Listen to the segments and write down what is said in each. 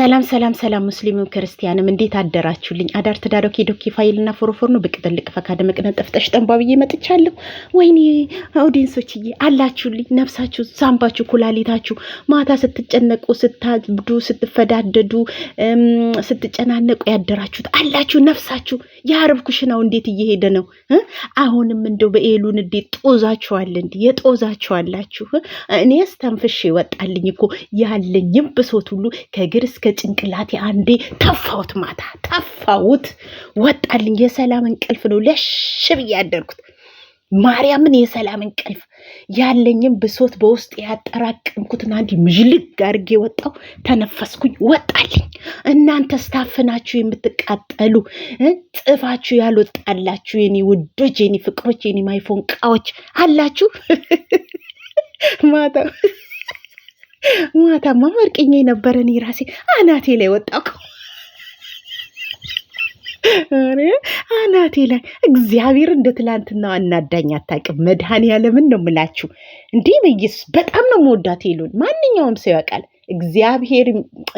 ሰላም ሰላም ሰላም ሙስሊምም ክርስቲያንም እንዴት አደራችሁልኝ? አዳር ትዳር ኦኬ ፋይል ፋይልና ፎሮፎር ነው ብቅ ጥልቅ ፈካደ መቅነን ጠፍጠሽ ጠንባ ብዬ መጥቻለሁ። ወይኔ ኦዲንሶችዬ አላችሁልኝ፣ ነፍሳችሁ፣ ሳምባችሁ፣ ኩላሊታችሁ ማታ ስትጨነቁ ስታብዱ፣ ስትፈዳደዱ፣ ስትጨናነቁ ያደራችሁት አላችሁ ነፍሳችሁ የአረብ ኩሽናው እንዴት እየሄደ ነው? አሁንም እንደው በኤሉን እንዴት ጦዛችኋል? እንዲ የጦዛችኋላችሁ እኔ ስተንፍሽ ይወጣልኝ እኮ ያለኝም ብሶት ሁሉ ከእግር እስከ ጭንቅላቴ አንዴ ተፋሁት፣ ማታ ተፋሁት፣ ወጣልኝ። የሰላም እንቅልፍ ነው ለሽ ብዬ ያደርኩት ማርያምን የሰላም እንቅልፍ ያለኝም ብሶት በውስጥ ያጠራቀምኩትን አንድ ምዥልግ አድርጌ ወጣው፣ ተነፈስኩኝ፣ ወጣልኝ። እናንተስ ታፍናችሁ የምትቃጠሉ ጥፋችሁ ያልወጣላችሁ የኔ ውዶች፣ የኔ ፍቅሮች፣ የኔ ማይፎን ቃዎች አላችሁ። ማታ ማታማ መርቅኛ የነበረ እኔ ራሴ አናቴ ላይ ወጣኩ አናቴ ላይ እግዚአብሔር እንደ ትላንትና አናዳኝ አታውቅም። ያለምን ነው የምላችሁ። እንዲህ በየሱስ በጣም ነው መወዳት ይሉን ማንኛውም ሰው ያውቃል።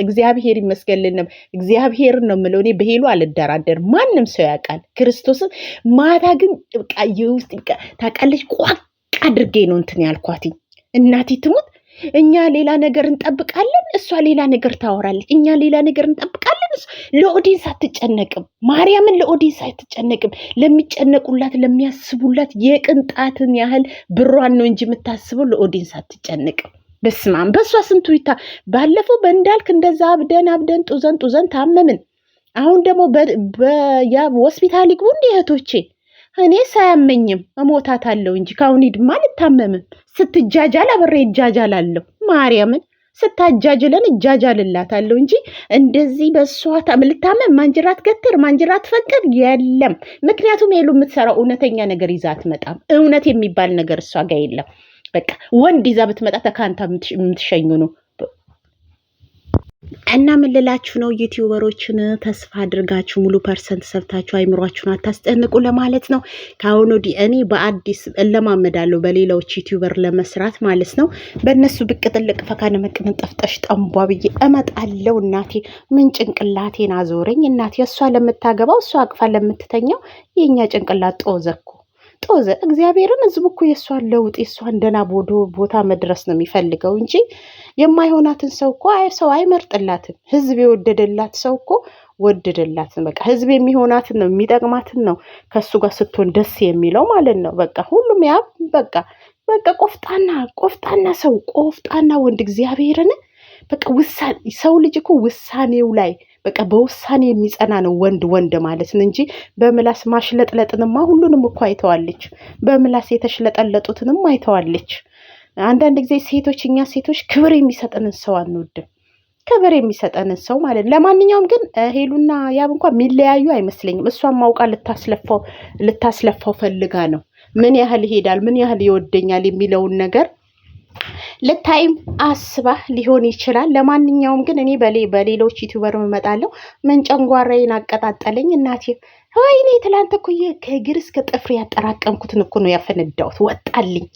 እግዚአብሔር ይመስገልን ነው እግዚአብሔርን ነው የምለው። እኔ በሄሉ አልደራደር፣ ማንም ሰው ያውቃል። ክርስቶስን ማታ ግን የውስጥ ታውቃለች፣ ቋቅ አድርጌ ነው እንትን ያልኳት። እናቴ ትሙት እኛ ሌላ ነገር እንጠብቃለን፣ እሷ ሌላ ነገር ታወራለች። እኛ ሌላ ነገር እንጠብቃለን፣ ለኦዲንስ አትጨነቅም። ማርያምን ለኦዲንስ አትጨነቅም። ለሚጨነቁላት ለሚያስቡላት የቅንጣትን ያህል ብሯን ነው እንጂ የምታስበው ለኦዲንስ አትጨነቅም። በስማም በእሷ ስንቱ ይታ ባለፈው በእንዳልክ እንደዛ አብደን አብደን ጡዘን ጡዘን ታመምን። አሁን ደግሞ ሆስፒታል ይግቡ እንዲ እህቶቼ። እኔ ሳያመኝም አለው እንጂ ከአሁን ሂድማ አልታመምም። ስትጃጃል አብሬ እጃጃላለሁ። ማርያምን ስታጃጅለን እጃጃልላታለሁ እንጂ እንደዚህ በእሷ ልታመም ማንጅራት ገትር ማንጅራት ፈቅር የለም። ምክንያቱም ሄሉ የምትሰራው እውነተኛ ነገር ይዛ አትመጣም። እውነት የሚባል ነገር እሷ ጋር የለም። በቃ ወንድ ይዛ ብትመጣ ተካንታ የምትሸኙ ነው። እና ምን ልላችሁ ነው ዩቲዩበሮችን ተስፋ አድርጋችሁ ሙሉ ፐርሰንት ሰብታችሁ አይምሯችሁን አታስጨንቁ ለማለት ነው። ከአሁኑ ወዲህ እኔ በአዲስ እለማመዳለሁ በሌላዎች ዩቲዩበር ለመስራት ማለት ነው። በእነሱ ብቅ ጥልቅ ፈካነ መቅንን ጠፍጠሽ ጠንቧ ብዬ እመጣለሁ። እናቴ ምን ጭንቅላቴን አዞረኝ እናቴ። እሷ ለምታገባው እሷ አቅፋ ለምትተኛው የእኛ ጭንቅላት ጦዘኩ። ጦዘ እግዚአብሔርን ህዝቡ እኮ የእሷን ለውጥ የእሷን ደህና ቦዶ ቦታ መድረስ ነው የሚፈልገው እንጂ የማይሆናትን ሰው እኮ ሰው አይመርጥላትም። ህዝብ የወደደላት ሰው እኮ ወደደላት። በቃ ህዝብ የሚሆናትን ነው የሚጠቅማትን ነው ከእሱ ጋር ስትሆን ደስ የሚለው ማለት ነው። በቃ ሁሉም ያ በቃ በቃ ቆፍጣና ቆፍጣና ሰው ቆፍጣና ወንድ እግዚአብሔርን በቃ ውሳኔ ሰው ልጅ እኮ ውሳኔው ላይ በቃ በውሳኔ የሚጸና ነው ወንድ ወንድ ማለት ነው እንጂ በምላስ ማሽለጥለጥንማ ሁሉንም እኮ አይተዋለች። በምላስ የተሽለጠለጡትንም አይተዋለች። አንዳንድ ጊዜ ሴቶች እኛ ሴቶች ክብር የሚሰጠንን ሰው አንወድም። ክብር የሚሰጠንን ሰው ማለት ነው። ለማንኛውም ግን ሄሉና ያብ እንኳ የሚለያዩ አይመስለኝም። እሷን ማውቃ ልታስለፋው ፈልጋ ነው ምን ያህል ይሄዳል፣ ምን ያህል ይወደኛል የሚለውን ነገር ልታይም አስባ ሊሆን ይችላል። ለማንኛውም ግን እኔ በሌ በሌሎች ዩቲዩበር እመጣለሁ። ምን ጨንጓራዬን አቀጣጠለኝ እናቴ። ወይኔ ትላንት እኮ ከእግር እስከ ጥፍር ያጠራቀምኩትን እኮ ነው ያፈነዳሁት። ወጣልኝ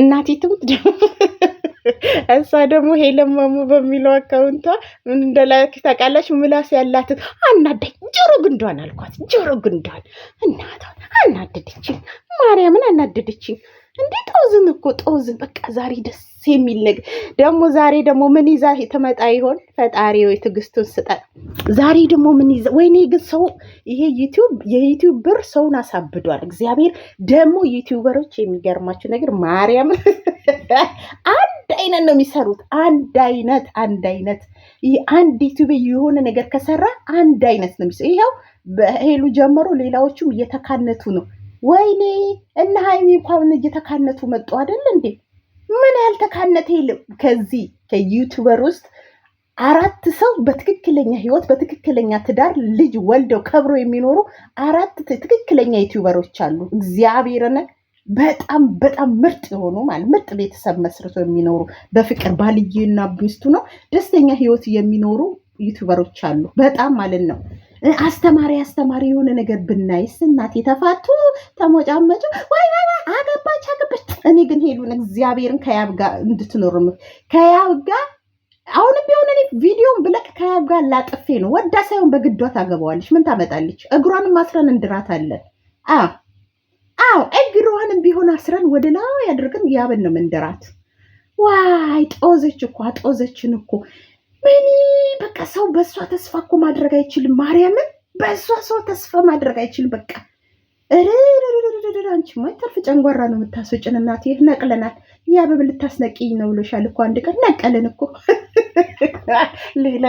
እናቲቱም እሷ ደግሞ ሄለማሙ በሚለው አካውንቷ ምን እንደላክ ታውቃላችሁ? ምላስ ያላትን አናደኝ ጆሮ ግንዷን አልኳት። ጆሮ ግንዷን እናቷ አናደደችኝ። ማርያምን አናደደችኝ። እንዴ ጦዝን እኮ ጦዝን። በቃ ዛሬ ደስ የሚል ነገር ደግሞ ዛሬ ደግሞ ምን ይዛ ትመጣ ይሆን? ፈጣሪ ወይ ትዕግስቱን ስጠን። ዛሬ ደግሞ ምን ይዛ ወይኔ! ግን ሰው ይሄ ዩቲዩብ የዩቲዩብ ብር ሰውን አሳብዷል። እግዚአብሔር ደግሞ ዩቲዩበሮች የሚገርማቸው ነገር ማርያም አንድ አይነት ነው የሚሰሩት። አንድ አይነት አንድ አይነት ይህ አንድ ዩቲዩብ የሆነ ነገር ከሰራ አንድ አይነት ነው የሚሰሩ። ይኸው በሄሉ ጀምሮ ሌላዎቹም እየተካነቱ ነው። ወይኔ እነ ሀይሚ እንኳን እየተካነቱ መጡ አይደል እንዴ? ምን ተካነት የለም። ከዚህ ከዩቱበር ውስጥ አራት ሰው በትክክለኛ ህይወት በትክክለኛ ትዳር ልጅ ወልደው ከብሮ የሚኖሩ አራት ትክክለኛ ዩቱበሮች አሉ። እግዚአብሔርን በጣም በጣም ምርጥ የሆኑ ማለት ምርጥ ቤተሰብ መስርቶ የሚኖሩ በፍቅር ባልዬና ሚስቱ ነው ደስተኛ ህይወት የሚኖሩ ዩቱበሮች አሉ። በጣም ማለት ነው። አስተማሪ አስተማሪ የሆነ ነገር ብናይስ እናት የተፋቱ ተሞጫመጩ ወይ አገባች አገባች። እኔ ግን ሄሉን እግዚአብሔርን ከያብ ጋር እንድትኖር ከያብ ጋር አሁንም ቢሆን እኔ ቪዲዮን ብለቅ ከያብ ጋር ላጥፌ ነው። ወዳ ሳይሆን በግዷ ታገባዋለች። ምን ታመጣለች? እግሯንም አስረን እንድራታለን። አዎ እግሯንም ቢሆን አስረን ወደ ላይ አድርገን ያብን ነው ምንድራት። ዋይ ጦዘች እኮ አጦዘችን እኮ ምን በቃ ሰው በእሷ ተስፋ እኮ ማድረግ አይችልም። ማርያምን በእሷ ሰው ተስፋ ማድረግ አይችልም። በቃ እሬ አንቺማ የተርፍ ጨንጓራ ነው የምታስወጭን እናት። ነቅለናል ያ የአበብ ልታስነቂኝ ነው ብሎሻል እኮ አንድ ቀን ነቀልን እኮ ሌላ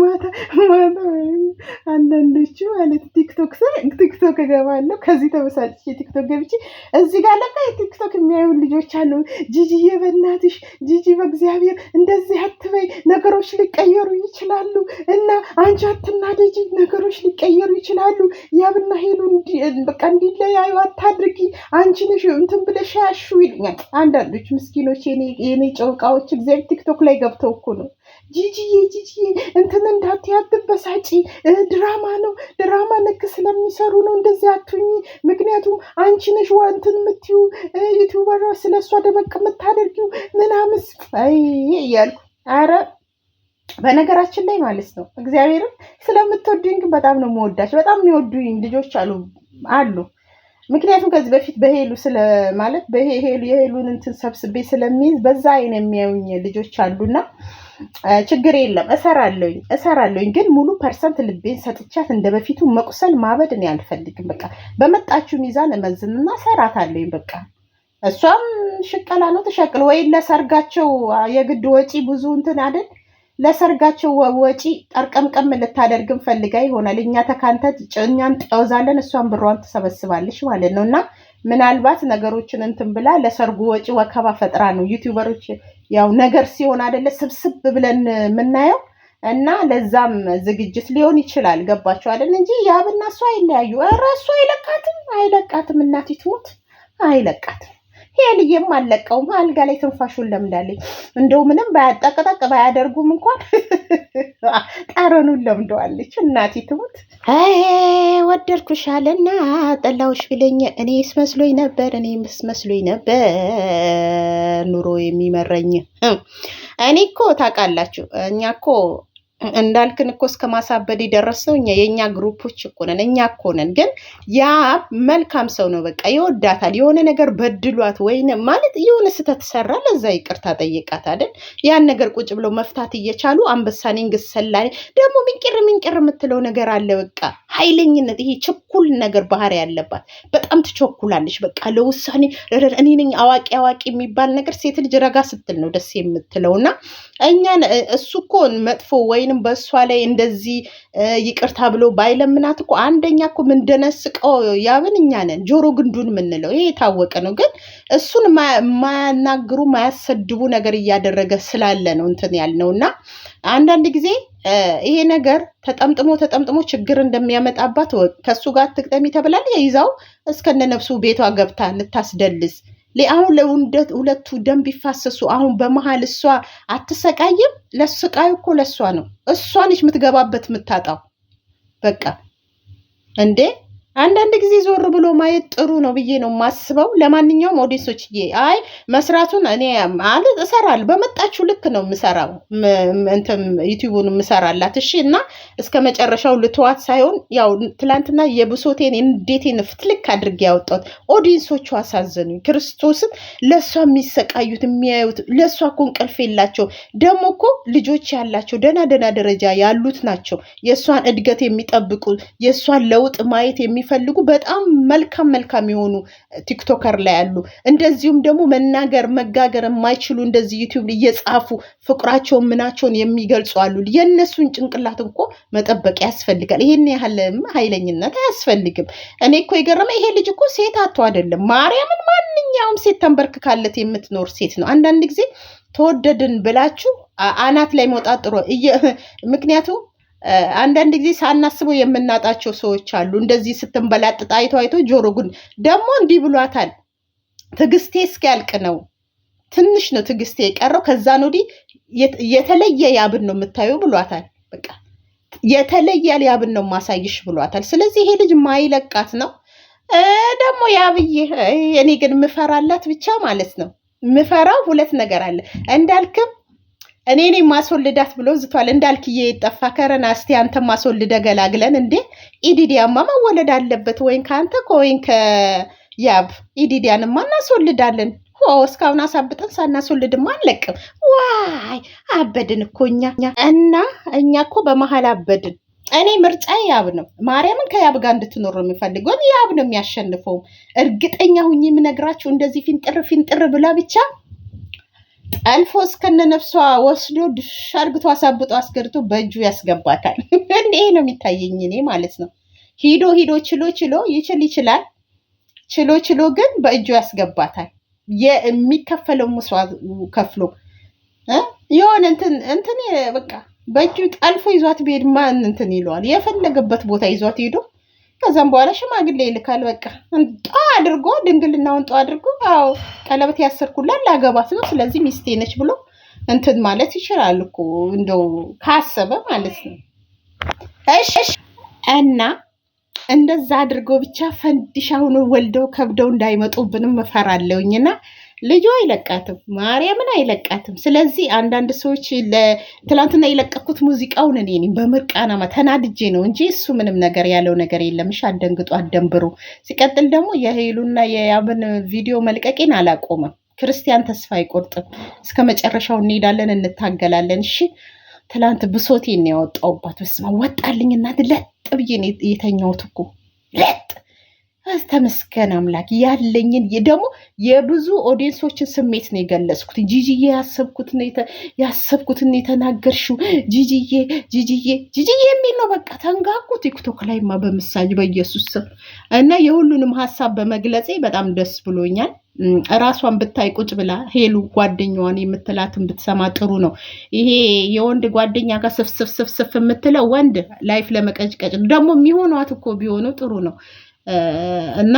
ማታ ማታ ወይም አንዳንዶቹ ማለት ቲክቶክ ቲክቶክ እገባለሁ። ከዚህ ተበሳጭ ቲክቶክ ገብቼ እዚህ ጋር ለካ የቲክቶክ የሚያዩ ልጆች አሉ። ጂጂዬ በእናትሽ ጂጂ፣ በእግዚአብሔር እንደዚህ አትበይ፣ ነገሮች ሊቀየሩ ይችላሉ እና አንቺ አትናደጂ፣ ነገሮች ሊቀየሩ ይችላሉ። ያብና ሄሉ በቃ እንዲለያዩ አታድርጊ፣ አንቺ ነሽ እንትን ብለሽ ያሹ ይልኛል። አንዳንዶች ምስኪኖች የኔ ጨውቃዎች እግዚአብሔር ቲክቶክ ላይ ገብተው እኮ ነው ጂጂዬ ጂጂዬ እንትን እንዳትዪ አትበሳጪ፣ ድራማ ነው ድራማ ነክ ስለሚሰሩ ነው እንደዚህ አትሁኚ። ምክንያቱም አንቺ ነሽ ዋ እንትን ዩቲዩበር ስለ እሷ ደመቅ የምታደርጊው ምናምስ እያልኩ አረ በነገራችን ላይ ማለት ነው እግዚአብሔርም ስለምትወዱኝ ግን በጣም ነው የምወዳቸው። በጣም የሚወዱኝ ልጆች አሉ አሉ ምክንያቱም ከዚህ በፊት በሄሉ ስለ ማለት በሄሉ የሄሉን እንትን ሰብስቤ ስለሚይዝ በዛ አይን የሚያዩኝ ልጆች አሉና ችግር የለም እሰራለኝ እሰራለኝ፣ ግን ሙሉ ፐርሰንት ልቤን ሰጥቻት እንደ በፊቱ መቁሰል ማበድ እኔ አልፈልግም። በቃ በመጣችው ሚዛን እመዝንና እሰራታለሁኝ። በቃ እሷም ሽቀላ ነው ትሸቅል። ወይ ለሰርጋቸው የግድ ወጪ ብዙ እንትን አይደል ለሰርጋቸው ወጪ ጠርቀምቀም ልታደርግም ፈልጋ ይሆናል። እኛ ተካንተ እኛን ጠወዛለን፣ እሷን ብሯን ትሰበስባለች ማለት ነው። እና ምናልባት ነገሮችን እንትን ብላ ለሰርጉ ወጪ ወከባ ፈጥራ ነው ዩቲዩበሮች ያው ነገር ሲሆን አይደለ ስብስብ ብለን የምናየው እና ለዛም ዝግጅት ሊሆን ይችላል። ገባችሁ አይደል? እንጂ ያብና እሷ አይለያዩ። ኧረ እሱ አይለቃትም አይለቃትም፣ እናቴ ትሙት አይለቃትም። ሄልዬም አለቀውም አልጋ ላይ ትንፋሹን ለምዳለች። እንደው ምንም ባያጠቅጠቅ ባያደርጉም እንኳን ጠረኑን ለምደዋለች። እናቴ ትሙት ወደድኩሻለና ጠላውሽ ቢለኝ እኔ ስመስሎኝ ነበር እኔ ስመስሎኝ ነበር ኑሮ የሚመረኝ እኔ እኮ ታውቃላችሁ እኛ እኮ እንዳልክን እኮ እስከ ማሳበድ የደረስነው እኛ የእኛ ግሩፖች እኮ ነን፣ እኛ እኮ ነን። ግን ያ መልካም ሰው ነው፣ በቃ ይወዳታል። የሆነ ነገር በድሏት ወይን ማለት የሆነ ስህተት ሰራ፣ ለዛ ይቅርታ ጠይቃት አይደል? ያን ነገር ቁጭ ብለው መፍታት እየቻሉ አንበሳኔ እንግሰላኔ ደግሞ ምንቅር ምንቅር የምትለው ነገር አለ። በቃ ኃይለኝነት፣ ይሄ ችኩል ነገር ባህሪ ያለባት በጣም ትቸኩላለች። በቃ ለውሳኔ እኔ ነኝ አዋቂ አዋቂ የሚባል ነገር ሴት ልጅ ረጋ ስትል ነው ደስ የምትለው እና እኛን እሱ እኮ መጥፎ ወይንም በእሷ ላይ እንደዚህ ይቅርታ ብሎ ባይለምናት እኮ አንደኛ እኮ ምንደነስቀው ያብን እኛ ነን፣ ጆሮ ግንዱን የምንለው ይሄ የታወቀ ነው። ግን እሱን ማያናግሩ ማያሰድቡ ነገር እያደረገ ስላለ ነው እንትን ያልነው እና አንዳንድ ጊዜ ይሄ ነገር ተጠምጥሞ ተጠምጥሞ ችግር እንደሚያመጣባት ከእሱ ጋር ትቅጠሚ ተብላል ይዛው እስከነ ነፍሱ ቤቷ ገብታ ልታስደልስ አሁን ለሁለቱ ደም ቢፋሰሱ አሁን በመሀል እሷ አትሰቃይም? ለስቃዩ እኮ ለእሷ ነው። እሷ ነች የምትገባበት የምታጣው። በቃ እንዴ አንዳንድ ጊዜ ዞር ብሎ ማየት ጥሩ ነው ብዬ ነው ማስበው። ለማንኛውም ኦዲንሶች አይ መስራቱን እኔ አለ እሰራል በመጣችሁ ልክ ነው የምሰራው። እንትን ዩቲዩቡን የምሰራላት እሺ። እና እስከ መጨረሻው ልትዋት ሳይሆን ያው ትላንትና የብሶቴን እንዴቴን ፍትልክ አድርጌ ያወጣት ኦዲንሶቹ አሳዘኑ። ክርስቶስን ለእሷ የሚሰቃዩት የሚያዩት፣ ለእሷ እኮ እንቅልፍ የላቸው። ደግሞ እኮ ልጆች ያላቸው ደህና ደህና ደረጃ ያሉት ናቸው። የእሷን እድገት የሚጠብቁ የእሷን ለውጥ ማየት የሚ የሚፈልጉ በጣም መልካም መልካም የሆኑ ቲክቶከር ላይ አሉ። እንደዚሁም ደግሞ መናገር መጋገር የማይችሉ እንደዚህ ዩቲዩብ እየጻፉ ፍቅራቸውን ምናቸውን የሚገልጹ አሉ። የእነሱን ጭንቅላት እኮ መጠበቅ ያስፈልጋል። ይሄን ያህል ኃይለኝነት አያስፈልግም። እኔ እኮ የገረመ ይሄ ልጅ እኮ ሴት አቶ አይደለም ማርያምን፣ ማንኛውም ሴት ተንበርክካለት የምትኖር ሴት ነው። አንዳንድ ጊዜ ተወደድን ብላችሁ አናት ላይ መውጣት ጥሩ ምክንያቱም አንዳንድ ጊዜ ሳናስበው የምናጣቸው ሰዎች አሉ። እንደዚህ ስትንበላጥጥ አይቶ አይቶ ጆሮ ግን ደግሞ እንዲህ ብሏታል። ትዕግስቴ እስኪያልቅ ነው። ትንሽ ነው ትዕግስቴ የቀረው። ከዛን ወዲህ የተለየ ያብን ነው የምታዩ ብሏታል። በቃ የተለየ ያብን ነው ማሳይሽ ብሏታል። ስለዚህ ይሄ ልጅ ማይለቃት ነው ደግሞ ያብዬ። እኔ ግን ምፈራላት ብቻ ማለት ነው ምፈራው ሁለት ነገር አለ እንዳልክም እኔ እኔ ማስወልዳት ብሎ ዝቷል። እንዳልክዬ ይጠፋ ከረና አስቲ አንተ ማስወልደ ገላግለን እንዴ ኢዲዲያማ መወለድ አለበት ወይም ከአንተ ከወይም ከያብ ኢዲዲያንማ እናስወልዳለን። ሆ እስካሁን አሳብጠን ሳናስወልድማ አንለቅም። ዋይ አበድን እኮ እኛ እና እኛ እኮ በመሀል አበድን። እኔ ምርጫ ያብ ነው። ማርያምን ከያብ ጋር እንድትኖር ነው ያብ ነው የሚያሸንፈውም እርግጠኛ ሁኝ የምነግራችሁ እንደዚህ ፊንጥር ፊንጥር ብላ ብቻ ጠልፎ እስከነ ነፍሷ ወስዶ ድሻ አርግቶ አሳብጦ አስገድቶ በእጁ ያስገባታል። እንደ ነው የሚታየኝ እኔ ማለት ነው። ሂዶ ሂዶ ችሎ ችሎ ይችል ይችላል ችሎ ችሎ ግን በእጁ ያስገባታል። የሚከፈለው መስዋዕት ከፍሎ የሆነ እንትን እንትን በቃ በእጁ ጠልፎ ይዟት ብሄድ ማን እንትን ይለዋል? የፈለገበት ቦታ ይዟት ሄዶ ከዛም በኋላ ሽማግሌ ይልካል። በቃ እንጧ አድርጎ ድንግልናውን ጧ አድርጎ አዎ ቀለበት ያሰርኩላል ላገባት ነው ስለዚህ ሚስቴ ነች ብሎ እንትን ማለት ይችላል እኮ እንደው ካሰበ ማለት ነው። እሺ እና እንደዛ አድርጎ ብቻ ፈንዲሻ ሆኖ ወልደው ከብደው እንዳይመጡብንም እፈራለሁኝና ልጁ አይለቃትም፣ ማርያምን አይለቃትም። ስለዚህ አንዳንድ ሰዎች ትላንትና የለቀኩት ሙዚቃውን እኔ ነኝ በምርቃናማ ተናድጄ ነው እንጂ እሱ ምንም ነገር ያለው ነገር የለም። እሺ አደንግጦ አደንብሮ ሲቀጥል ደግሞ የሄሉና የያብን ቪዲዮ መልቀቄን አላቆመም። ክርስቲያን ተስፋ አይቆርጥም። እስከ መጨረሻው እንሄዳለን፣ እንታገላለን። እሺ ትላንት ብሶቴን ያወጣውባት ያወጣሁባት። ወጣልኝ እና ለጥ ብዬ ነው እኮ ለጥ ተመስገን አምላክ ያለኝን ደግሞ የብዙ ኦዲየንሶችን ስሜት ነው የገለጽኩት። ጂጂዬ ያሰብኩትን ያሰብኩትን የተናገርሽው ጂጂዬ ጂጂዬ ጂጂዬ የሚል ነው። በቃ ተንጋኩ ቲክቶክ ላይማ በምሳሌ በኢየሱስ ስም እና የሁሉንም ሀሳብ በመግለጼ በጣም ደስ ብሎኛል። ራሷን ብታይ ቁጭ ብላ ሄሉ ጓደኛዋን የምትላትን ብትሰማ ጥሩ ነው። ይሄ የወንድ ጓደኛ ጋር ስፍስፍስፍስፍ የምትለው ወንድ ላይፍ ለመቀጭቀጭ ደግሞ የሚሆኗት እኮ ቢሆኑ ጥሩ ነው። እና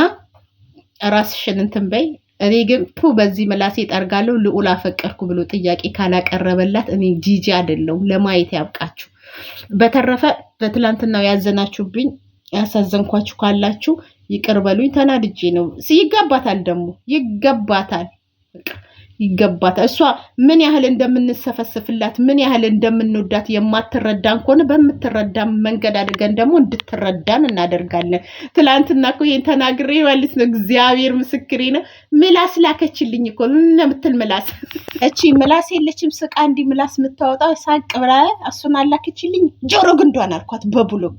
ራስሽን እንትን በይ። እኔ ግን ፑ በዚህ መላሴ ጠርጋለሁ። ልዑል አፈቀርኩ ብሎ ጥያቄ ካላቀረበላት እኔ ጂጂ አይደለሁም። ለማየት ያብቃችሁ። በተረፈ በትላንትናው ያዘናችሁብኝ ያሳዘንኳችሁ ካላችሁ ይቅር በሉኝ። ተናድጄ ነው። ይገባታል፣ ደግሞ ይገባታል። ይገባታል። እሷ ምን ያህል እንደምንሰፈስፍላት ምን ያህል እንደምንወዳት የማትረዳን ከሆነ በምትረዳን መንገድ አድርገን ደግሞ እንድትረዳን እናደርጋለን። ትላንትና እኮ ይህን ተናግሬ ማለት ነው። እግዚአብሔር ምስክሬ ነው። ምላስ ላከችልኝ እኮ ምትል ምላስ እቺ ምላስ የለችም። ስቃ እንዲህ ምላስ የምታወጣው ሳቅ ብላ እሱን አላከችልኝ። ጆሮ ግንዷን አልኳት በብሎክ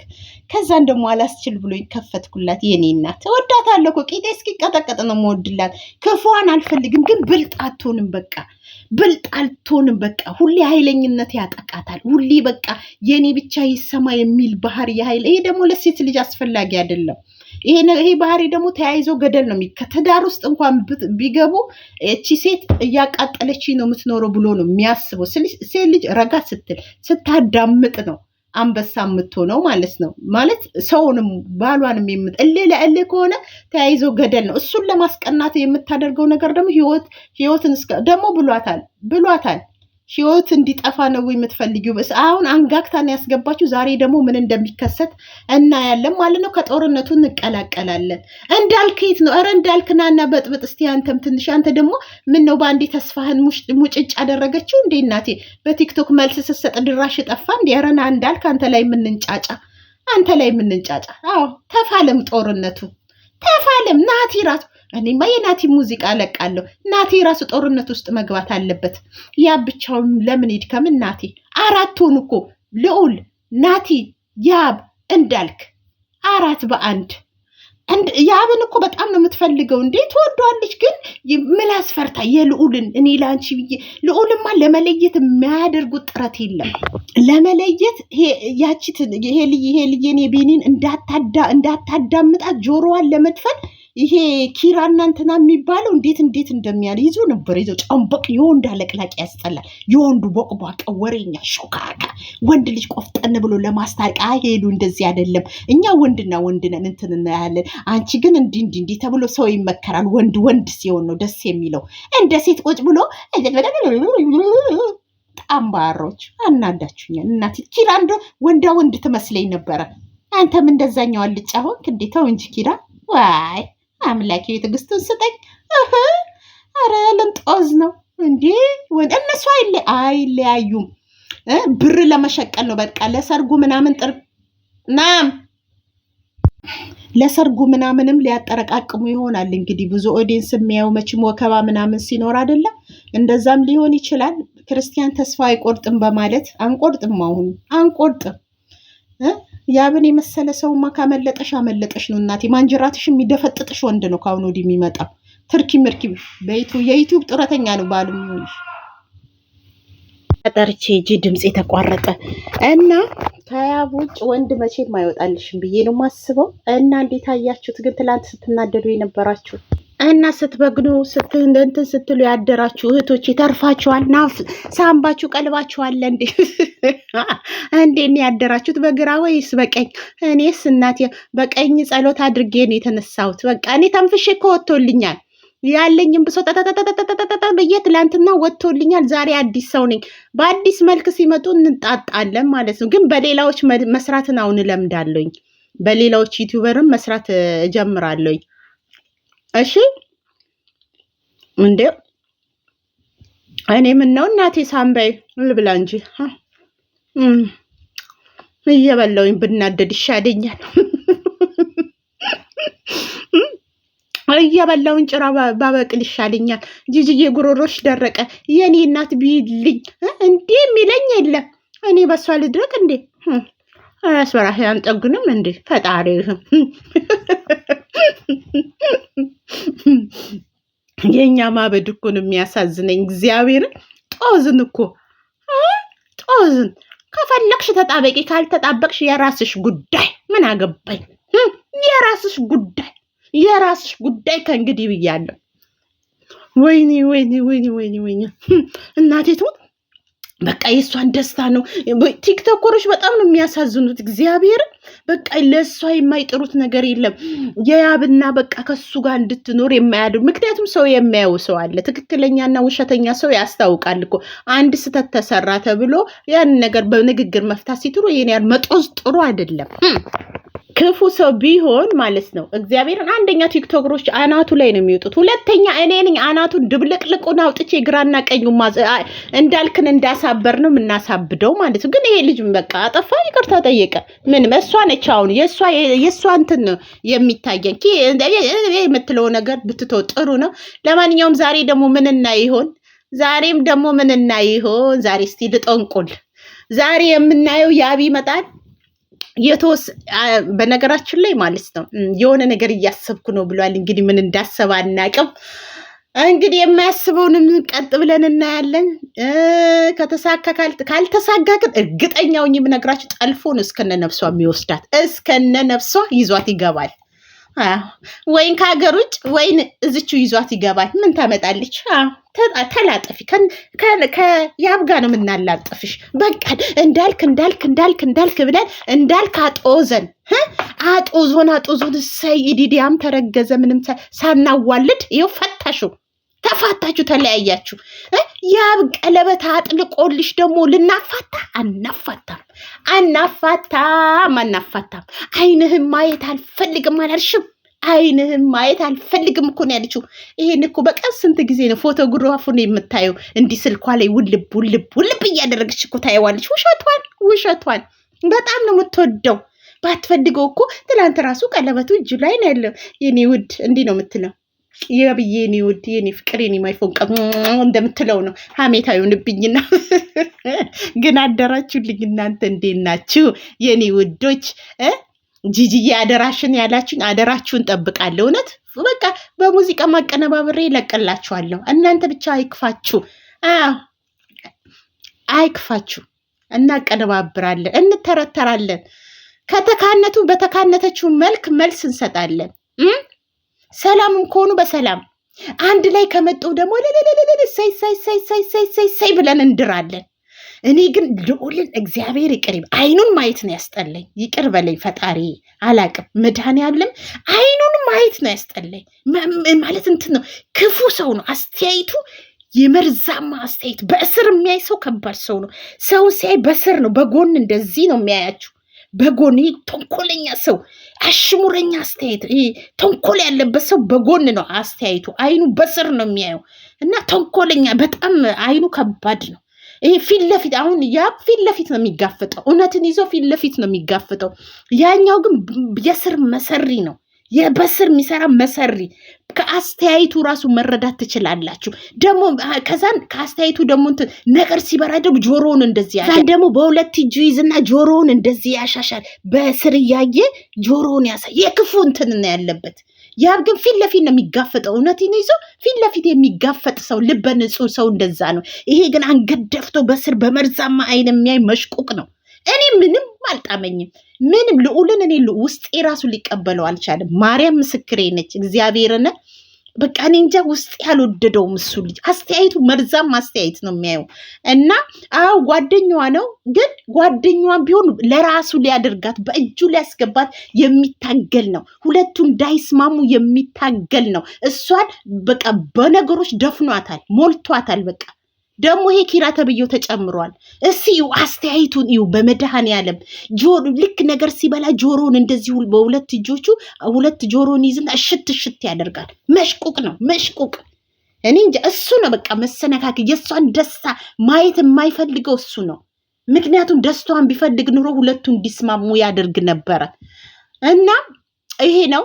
ከዛን ደግሞ አላስችል ብሎኝ ከፈትኩላት። የኔ እናት እወዳታለሁ እኮ ቂጤ እስኪቀጠቀጥ ነው የምወድላት። ክፉዋን አልፈልግም ግን ብልጣቱ አልሆንም በቃ ብልጥ አልሆንም በቃ ሁሌ ኃይለኝነት ያጠቃታል። ሁሌ በቃ የኔ ብቻ ይሰማ የሚል ባህሪ የኃይል ይሄ ደግሞ ለሴት ልጅ አስፈላጊ አይደለም። ይሄ ባህሪ ደግሞ ተያይዞ ገደል ነው። ከትዳር ውስጥ እንኳን ቢገቡ እቺ ሴት እያቃጠለች ነው የምትኖረው ብሎ ነው የሚያስበው። ሴት ልጅ ረጋ ስትል ስታዳምጥ ነው አንበሳ የምትሆነው ማለት ነው። ማለት ሰውንም ባሏንም የምት እልህ ለእልህ ከሆነ ተያይዞ ገደል ነው። እሱን ለማስቀናት የምታደርገው ነገር ደግሞ ህይወትን ደግሞ ብሏታል ብሏታል ህይወት እንዲጠፋ ነው የምትፈልጊው? አሁን አንጋግታን ያስገባችሁ ዛሬ ደግሞ ምን እንደሚከሰት እናያለን ማለት ነው። ከጦርነቱ እንቀላቀላለን። እንዳልክት ነው። ኧረ እንዳልክናና በጥብጥ እስቲ አንተም ትንሽ አንተ ደግሞ ምን ነው በአንዴ ተስፋህን ሙጭጭ አደረገችው እንዴ? እናቴ በቲክቶክ መልስ ስትሰጥ ድራሽ ጠፋ እንዴ? ኧረና እንዳልክ አንተ ላይ የምንንጫጫ አንተ ላይ የምንንጫጫ። አዎ ተፋለም፣ ጦርነቱ ተፋለም። ናቲ ራሱ እኔማ የናቲ ሙዚቃ ለቃለሁ። ናቲ የራሱ ጦርነት ውስጥ መግባት አለበት። ያ ብቻውን ለምን ከምን ናቲ ሆኑ እኮ ልዑል፣ ናቲ፣ ያብ፣ እንዳልክ አራት በአንድ ያብን እኮ በጣም ነው የምትፈልገው እንዴ ትወዷለች። ግን ምላስ አስፈርታ የልዑልን እኔ ለአንቺ ብዬ ልዑልማ ለመለየት የሚያደርጉት ጥረት የለም። ለመለየት ያቺት ይሄ ልይ ይሄ ልዬን የቤኒን እንዳታዳምጣት ጆሮዋን ለመድፈን ይሄ ኪራ እንትና የሚባለው እንዴት እንዴት እንደሚያል ይዞ ነበር ይዞ ጨንበቅ የወንድ አለቅላቅ ያስጠላል። የወንዱ ቦቅቧቀ ወሬኛ ሾካካ ወንድ ልጅ ቆፍጠን ብሎ ለማስታረቅ አሄዱ እንደዚህ አይደለም። እኛ ወንድና ወንድ ነን እንትን እናያለን። አንቺ ግን እንዲ እንዲ እንዲ ተብሎ ሰው ይመከራል። ወንድ ወንድ ሲሆን ነው ደስ የሚለው። እንደ ሴት ቁጭ ብሎ ጣምባሮች አናዳችሁኛል። እናቴ ኪራ እንደ ወንዳ ወንድ ትመስለኝ ነበረ። አንተም እንደዛኛው አልጫ ሆንክ እንዴ? ተው እንጂ ኪራ ዋይ አምላኬ ትዕግስትን ስጠኝ። አረ ልንጦዝ ነው እንዴ? እነሱ አይለያዩም። ብር ለመሸቀል ነው በቃ ለሰርጉ ምናምን ጥር ና ለሰርጉ ምናምንም ሊያጠረቃቅሙ ይሆናል እንግዲህ ብዙ ኦዲየንስ የሚያዩ መቼም ወከባ ምናምን ሲኖር አይደለም፣ እንደዛም ሊሆን ይችላል። ክርስቲያን ተስፋ አይቆርጥም በማለት አንቆርጥም፣ አሁኑ አንቆርጥም ያብን የመሰለ ሰውማ ካመለጠሽ አመለጠሽ ነው እናቴ። ማንጀራትሽ የሚደፈጥጥሽ ወንድ ነው ከአሁን ወዲህ የሚመጣ ትርኪ ምርኪ የዩቲዩብ ጡረተኛ ነው ባሉ ጠርቼ ሂጂ ድምፅ የተቋረጠ እና ከያብ ውጭ ወንድ መቼም አይወጣልሽም ብዬ ነው የማስበው። እና እንዴት አያችሁት ግን ትላንት ስትናደዱ የነበራችሁ እና ስትበግኑ ስትንደንትን ስትሉ ያደራችሁ እህቶች ይተርፋችኋል። ናፍ ሳምባችሁ ቀልባችኋል። እንዴ እንዴን ያደራችሁት በግራ ወይስ በቀኝ? እኔስ እናቴ በቀኝ ጸሎት አድርጌ ነው የተነሳሁት። በቃ እኔ ተንፍሼ እኮ ወጥቶልኛል። ያለኝም ብሶ ብዬ ትላንትና ወጥቶልኛል። ዛሬ አዲስ ሰው ነኝ። በአዲስ መልክ ሲመጡ እንጣጣለን ማለት ነው። ግን በሌላዎች መስራትን አሁን እለምዳለኝ። በሌላዎች ዩቲዩበርም መስራት እጀምራለኝ። እሺ እንዴ እኔ ምን ነው እናቴ ሳምባይ ልብላ እንጂ እየበላውኝ ብናደድ ይሻለኛል። እየበላውን ጭራ ባበቅል ይሻለኛል። ጂጂዬ ጉሮሮሽ ደረቀ የኔ እናት ቢልኝ እንዴ የሚለኝ የለም። እኔ በሷ ልድረቅ እንዴ? ራስ በራስ አንጠግንም እንዴ? ፈጣሪ የእኛ ማበድ እኮ ነው የሚያሳዝነኝ። እግዚአብሔርን ጦዝን እኮ ጦዝን። ከፈለግሽ ተጣበቂ፣ ካልተጣበቅሽ የራስሽ ጉዳይ። ምን አገባኝ? የራስሽ ጉዳይ፣ የራስሽ ጉዳይ ከእንግዲህ ብያለሁ። ወይኔ ወይኔ ወይኔ ወይኔ ወይኔ እናቴ ትሙት በቃ የእሷን ደስታ ነው። ቲክቶከሮች በጣም ነው የሚያሳዝኑት። እግዚአብሔር በቃ ለእሷ የማይጥሩት ነገር የለም። የያብና በቃ ከሱ ጋር እንድትኖር የማያድር ምክንያቱም ሰው የሚያየው ሰው አለ። ትክክለኛና ውሸተኛ ሰው ያስታውቃል እኮ አንድ ስህተት ተሰራ ተብሎ ያን ነገር በንግግር መፍታት ሲጥሩ ይህን ያህል መጦዝ ጥሩ አይደለም። ክፉ ሰው ቢሆን ማለት ነው እግዚአብሔርን አንደኛ ቲክቶክሮች አናቱ ላይ ነው የሚወጡት። ሁለተኛ እኔ ነኝ አናቱን ድብልቅልቁን አውጥቼ ግራና ቀኙ እንዳልክን እንዳሳበር ነው የምናሳብደው ማለት ነው። ግን ይሄ ልጅ በቃ አጠፋ፣ ይቅርታ ጠየቀ። ምን እሷ ነች አሁን የእሷ እንትን ነው የሚታየን። የምትለው ነገር ብትተው ጥሩ ነው። ለማንኛውም ዛሬ ደግሞ ምንና ይሆን? ዛሬም ደግሞ ምንና ይሆን? ዛሬ እስቲ ልጠንቁል። ዛሬ የምናየው ያብ ይመጣል የተወስ በነገራችን ላይ ማለት ነው የሆነ ነገር እያሰብኩ ነው ብሏል። እንግዲህ ምን እንዳሰብ አናቅም። እንግዲህ የማያስበውንም ቀጥ ብለን እናያለን። ከተሳካ ካልተሳካ ግን እርግጠኛውን የምነግራችሁ ጠልፎ ነው እስከነ ነፍሷ የሚወስዳት፣ እስከነ ነፍሷ ይዟት ይገባል። ወይን ከሀገር ውጭ ወይን እዝቹ ይዟት ይገባል። ምን ታመጣለች? ተላጠፊ ከያብ ጋ ነው የምናላጥፍሽ። በቃ እንዳልክ እንዳልክ እንዳልክ እንዳልክ ብለን እንዳልክ አጦዘን አጦዞን አጦዞን። እሰይ ዲዲያም ተረገዘ ምንም ሳናዋልድ ይኸው ፈታሹ ተፋታችሁ፣ ተለያያችሁ። ያ ቀለበት አጥልቆልሽ ደግሞ ልናፋታ አናፋታም፣ አናፋታም፣ አናፋታም። አይንህም ማየት አልፈልግም አላልሽም? አይንህም ማየት አልፈልግም እኮ ነው ያለችው። ይሄን እኮ በቀን ስንት ጊዜ ነው ፎቶግራፉን የምታየው? እንዲህ ስልኳ ላይ ውልብ ውልብ ውልብ እያደረገች እኮ ታየዋለች። ውሸቷን ውሸቷን በጣም ነው የምትወደው። ባትፈልገው እኮ ትናንት ራሱ ቀለበቱ እጁ ላይ ነው ያለው። የኔ ውድ እንዲህ ነው የምትለው የብዬ ኔ ውድ ኔ ፍቅር ኔ ማይፎን ቀ እንደምትለው ነው። ሀሜታ ይሆንብኝና ግን አደራችሁልኝ። እናንተ እንዴት ናችሁ የኔ ውዶች? ጂጂዬ አደራሽን ያላችሁኝ አደራችሁን ጠብቃለሁ። እውነት በቃ በሙዚቃ ማቀነባበሬ ይለቅላችኋለሁ። እናንተ ብቻ አይክፋችሁ፣ አይክፋችሁ። እናቀነባብራለን፣ እንተረተራለን። ከተካነቱ በተካነተችው መልክ መልስ እንሰጣለን። ሰላምም ከሆኑ በሰላም አንድ ላይ ከመጡ ደግሞ ሰይ ብለን እንድራለን። እኔ ግን ልዑልን እግዚአብሔር ይቅር አይኑን ማየት ነው ያስጠለኝ። ይቅር በለኝ ፈጣሪ፣ አላቅም መድኃኔዓለም አይኑን ማየት ነው ያስጠለኝ። ማለት እንትን ነው፣ ክፉ ሰው ነው አስተያየቱ የመርዛማ አስተያየት በእስር የሚያይ ሰው ከባድ ሰው ነው። ሰውን ሲያይ በስር ነው፣ በጎን እንደዚህ ነው የሚያያችው። በጎን ይህ ተንኮለኛ ሰው፣ አሽሙረኛ አስተያየት፣ ተንኮል ያለበት ሰው በጎን ነው አስተያየቱ። አይኑ በስር ነው የሚያየው እና ተንኮለኛ በጣም አይኑ ከባድ ነው። ፊት ለፊት አሁን ያ ፊት ለፊት ነው የሚጋፈጠው፣ እውነትን ይዞ ፊት ለፊት ነው የሚጋፈጠው። ያኛው ግን የስር መሰሪ ነው። የበስር የሚሰራ መሰሪ ከአስተያየቱ ራሱ መረዳት ትችላላችሁ። ደግሞ ከዛን ከአስተያየቱ ደግሞ ነገር ሲበራ ደግሞ ጆሮውን እንደዚህ ያ ደግሞ በሁለት እጁ ይዝና ጆሮውን እንደዚህ ያሻሻል። በስር እያየ ጆሮውን ያሳይ። የክፉ እንትን ነው ያለበት። ያብ ግን ፊት ለፊት ነው የሚጋፈጠው። እውነትን ይዞ ፊት ለፊት የሚጋፈጥ ሰው ልበ ንጹህ ሰው እንደዛ ነው። ይሄ ግን አንገት ደፍቶ በስር በመርዛማ አይን የሚያይ መሽቁቅ ነው። እኔ ምንም አልጣመኝም። ምንም ልዑልን እኔ ውስጤ ራሱ ሊቀበለው አልቻለም። ማርያም ምስክሬ ነች። እግዚአብሔርን በቃ እኔ እንጃ ውስጤ ያልወደደውም እሱ ልጅ አስተያየቱ መርዛም አስተያየት ነው የሚያየው እና አዎ ጓደኛዋ ነው፣ ግን ጓደኛ ቢሆን ለራሱ ሊያደርጋት በእጁ ሊያስገባት የሚታገል ነው። ሁለቱ እንዳይስማሙ የሚታገል ነው። እሷን በቃ በነገሮች ደፍኗታል፣ ሞልቷታል በቃ ደግሞ ይሄ ኪራ ተብዬው ተጨምሯል። እስኪ አስተያየቱን እዩ። በመድኃኔዓለም ጆሮ ልክ ነገር ሲበላ ጆሮውን እንደዚህ በሁለት እጆቹ ሁለት ጆሮውን ይዝና እሽት እሽት ያደርጋል። መሽቁቅ ነው መሽቁቅ። እኔ እንጃ እሱ ነው በቃ መሰነካከል። የእሷን ደስታ ማየት የማይፈልገው እሱ ነው። ምክንያቱም ደስታዋን ቢፈልግ ኑሮ ሁለቱ እንዲስማሙ ያደርግ ነበረ እና ይሄ ነው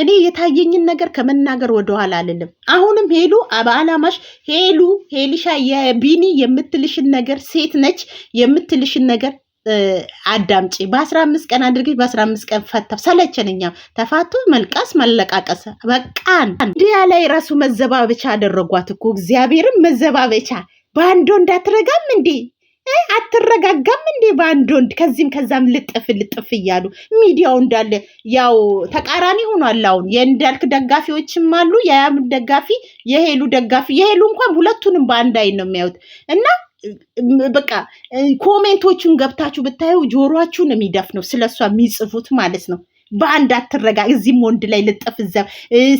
እኔ የታየኝን ነገር ከመናገር ወደኋላ አልልም። አሁንም ሄሉ በአላማሽ ሄሉ ሄልሻ የቢኒ የምትልሽን ነገር ሴት ነች የምትልሽን ነገር አዳምጪ። በአስራ አምስት ቀን አድርገሽ በአስራ አምስት ቀን ፈታ። ሰለቸን። ተፋቶ መልቃስ፣ መለቃቀስ በቃን። እንዲያ ላይ ራሱ መዘባበቻ አደረጓት እኮ እግዚአብሔርም መዘባበቻ በአንዶ እንዳትረጋም እንዴ አትረጋጋም እንዴ? በአንድ ወንድ ከዚህም ከዛም ልጥፍ ልጥፍ እያሉ ሚዲያው እንዳለ ያው ተቃራኒ ሆኗል። አሁን የእንዳልክ ደጋፊዎችም አሉ፣ የያም ደጋፊ፣ የሄሉ ደጋፊ። የሄሉ እንኳን ሁለቱንም በአንድ አይን ነው የሚያዩት እና በቃ ኮሜንቶቹን ገብታችሁ ብታዩ ጆሮአችሁን የሚደፍ ነው ስለሷ የሚጽፉት ማለት ነው። በአንድ አትረጋ እዚህም ወንድ ላይ ልጥፍ ዘብ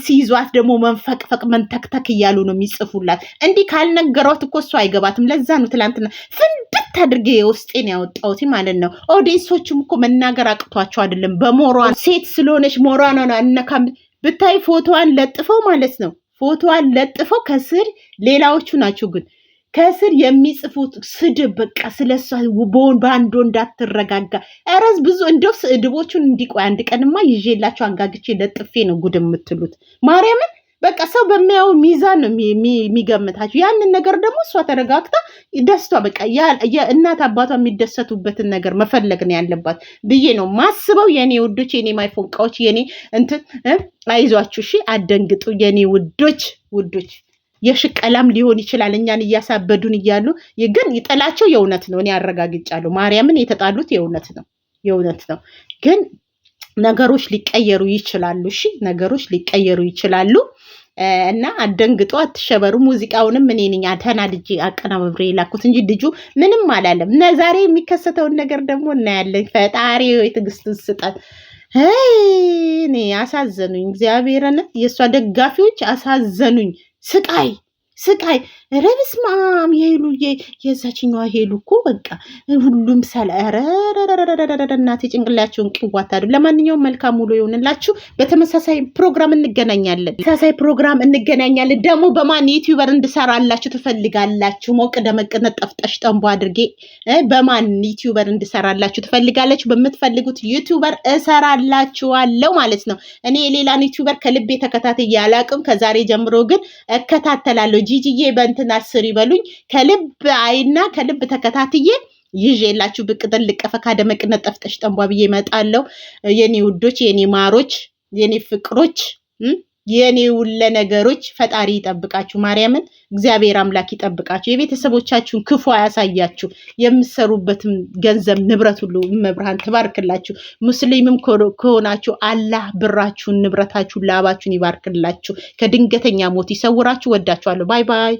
ሲይዟት ደግሞ መንፈቅፈቅ መንተክተክ እያሉ ነው የሚጽፉላት። እንዲህ ካልነገሯት እኮ እሱ አይገባትም። ለዛ ነው ትላንትና ፍንድት አድርጌ የውስጤን ያወጣሁት ማለት ነው። ኦዲየንሶቹም እኮ መናገር አቅቷቸው አይደለም። በሞሯ ሴት ስለሆነች ሞሯ ሞሯኗ አነካም ብታይ ፎቶዋን ለጥፈው ማለት ነው ፎቶዋን ለጥፈው ከስር ሌላዎቹ ናቸው ግን ከስር የሚጽፉት ስድብ በቃ ስለሷ በአንድ እንዳትረጋጋ ረዝ ብዙ እንደው ስድቦቹን እንዲቆይ አንድ ቀንማ ይዤላቸው አንጋግቼ ለጥፌ ነው ጉድ የምትሉት ማርያምን። በቃ ሰው በሚያው ሚዛን ነው የሚገምታቸው። ያንን ነገር ደግሞ እሷ ተረጋግታ ደስቷ በቃ የእናት አባቷ የሚደሰቱበትን ነገር መፈለግ ነው ያለባት ብዬ ነው ማስበው። የኔ ውዶች፣ የኔ ማይፎንቃዎች፣ የኔ እንትን አይዟችሁ፣ እሺ፣ አደንግጡ የኔ ውዶች ውዶች። የሽቀላም ሊሆን ይችላል። እኛን እያሳበዱን እያሉ ግን ጥላቸው የእውነት ነው። እኔ አረጋግጫለሁ። ማርያምን የተጣሉት የእውነት ነው፣ የእውነት ነው። ግን ነገሮች ሊቀየሩ ይችላሉ። እሺ ነገሮች ሊቀየሩ ይችላሉ። እና አደንግጦ አትሸበሩ። ሙዚቃውንም እኔ ነኝ ልጅ አቀናብሬ የላኩት እንጂ ልጁ ምንም አላለም። ነዛሬ ዛሬ የሚከሰተውን ነገር ደግሞ እናያለን። ፈጣሪ የትዕግስትን ስጠን። እኔ አሳዘኑኝ፣ እግዚአብሔርን የእሷ ደጋፊዎች አሳዘኑኝ። ስቃይ ስቃይ ኧረ በስመ አብ የሄሉ የዛችኛዋ ሄሉ እኮ በቃ ሁሉም ሰላ እናቴ ጭንቅላቸውን ለማንኛውም መልካም ውሎ ይሆንላችሁ። በተመሳሳይ ፕሮግራም እንገናኛለን። ተመሳሳይ ፕሮግራም እንገናኛለን። ደግሞ በማን ዩቲዩበር እንድሰራላችሁ ትፈልጋላችሁ? ሞቅ ደመቅ ነጠፍጠሽ ጠንቦ አድርጌ በማን ዩቲዩበር እንድሰራላችሁ ትፈልጋላችሁ? በምትፈልጉት ዩቲዩበር እሰራላችኋለሁ ማለት ነው። እኔ የሌላን ዩቲዩበር ከልቤ አላቅም። ከዛሬ ጀምሮ ግን እከታተላለሁ። ጂጂዬ እንትና ስር ይበሉኝ ከልብ አይና ከልብ ተከታትዬ ይዤ የላችሁ ብቅ ጥልቅ ፈካ ደመቅ ጠንቧ ብዬ እመጣለሁ። የኔ ውዶች፣ የኔ ማሮች፣ የኔ ፍቅሮች፣ የኔ ውለ ነገሮች ፈጣሪ ይጠብቃችሁ። ማርያምን እግዚአብሔር አምላክ ይጠብቃችሁ። የቤተሰቦቻችሁን ክፉ አያሳያችሁ። የምሰሩበትም ገንዘብ ንብረት ሁሉ መብርሃን ትባርክላችሁ። ሙስሊምም ከሆናችሁ አላህ ብራችሁን፣ ንብረታችሁን፣ ላባችሁን ይባርክላችሁ። ከድንገተኛ ሞት ይሰውራችሁ። ወዳችኋለሁ። ባይ ባይ።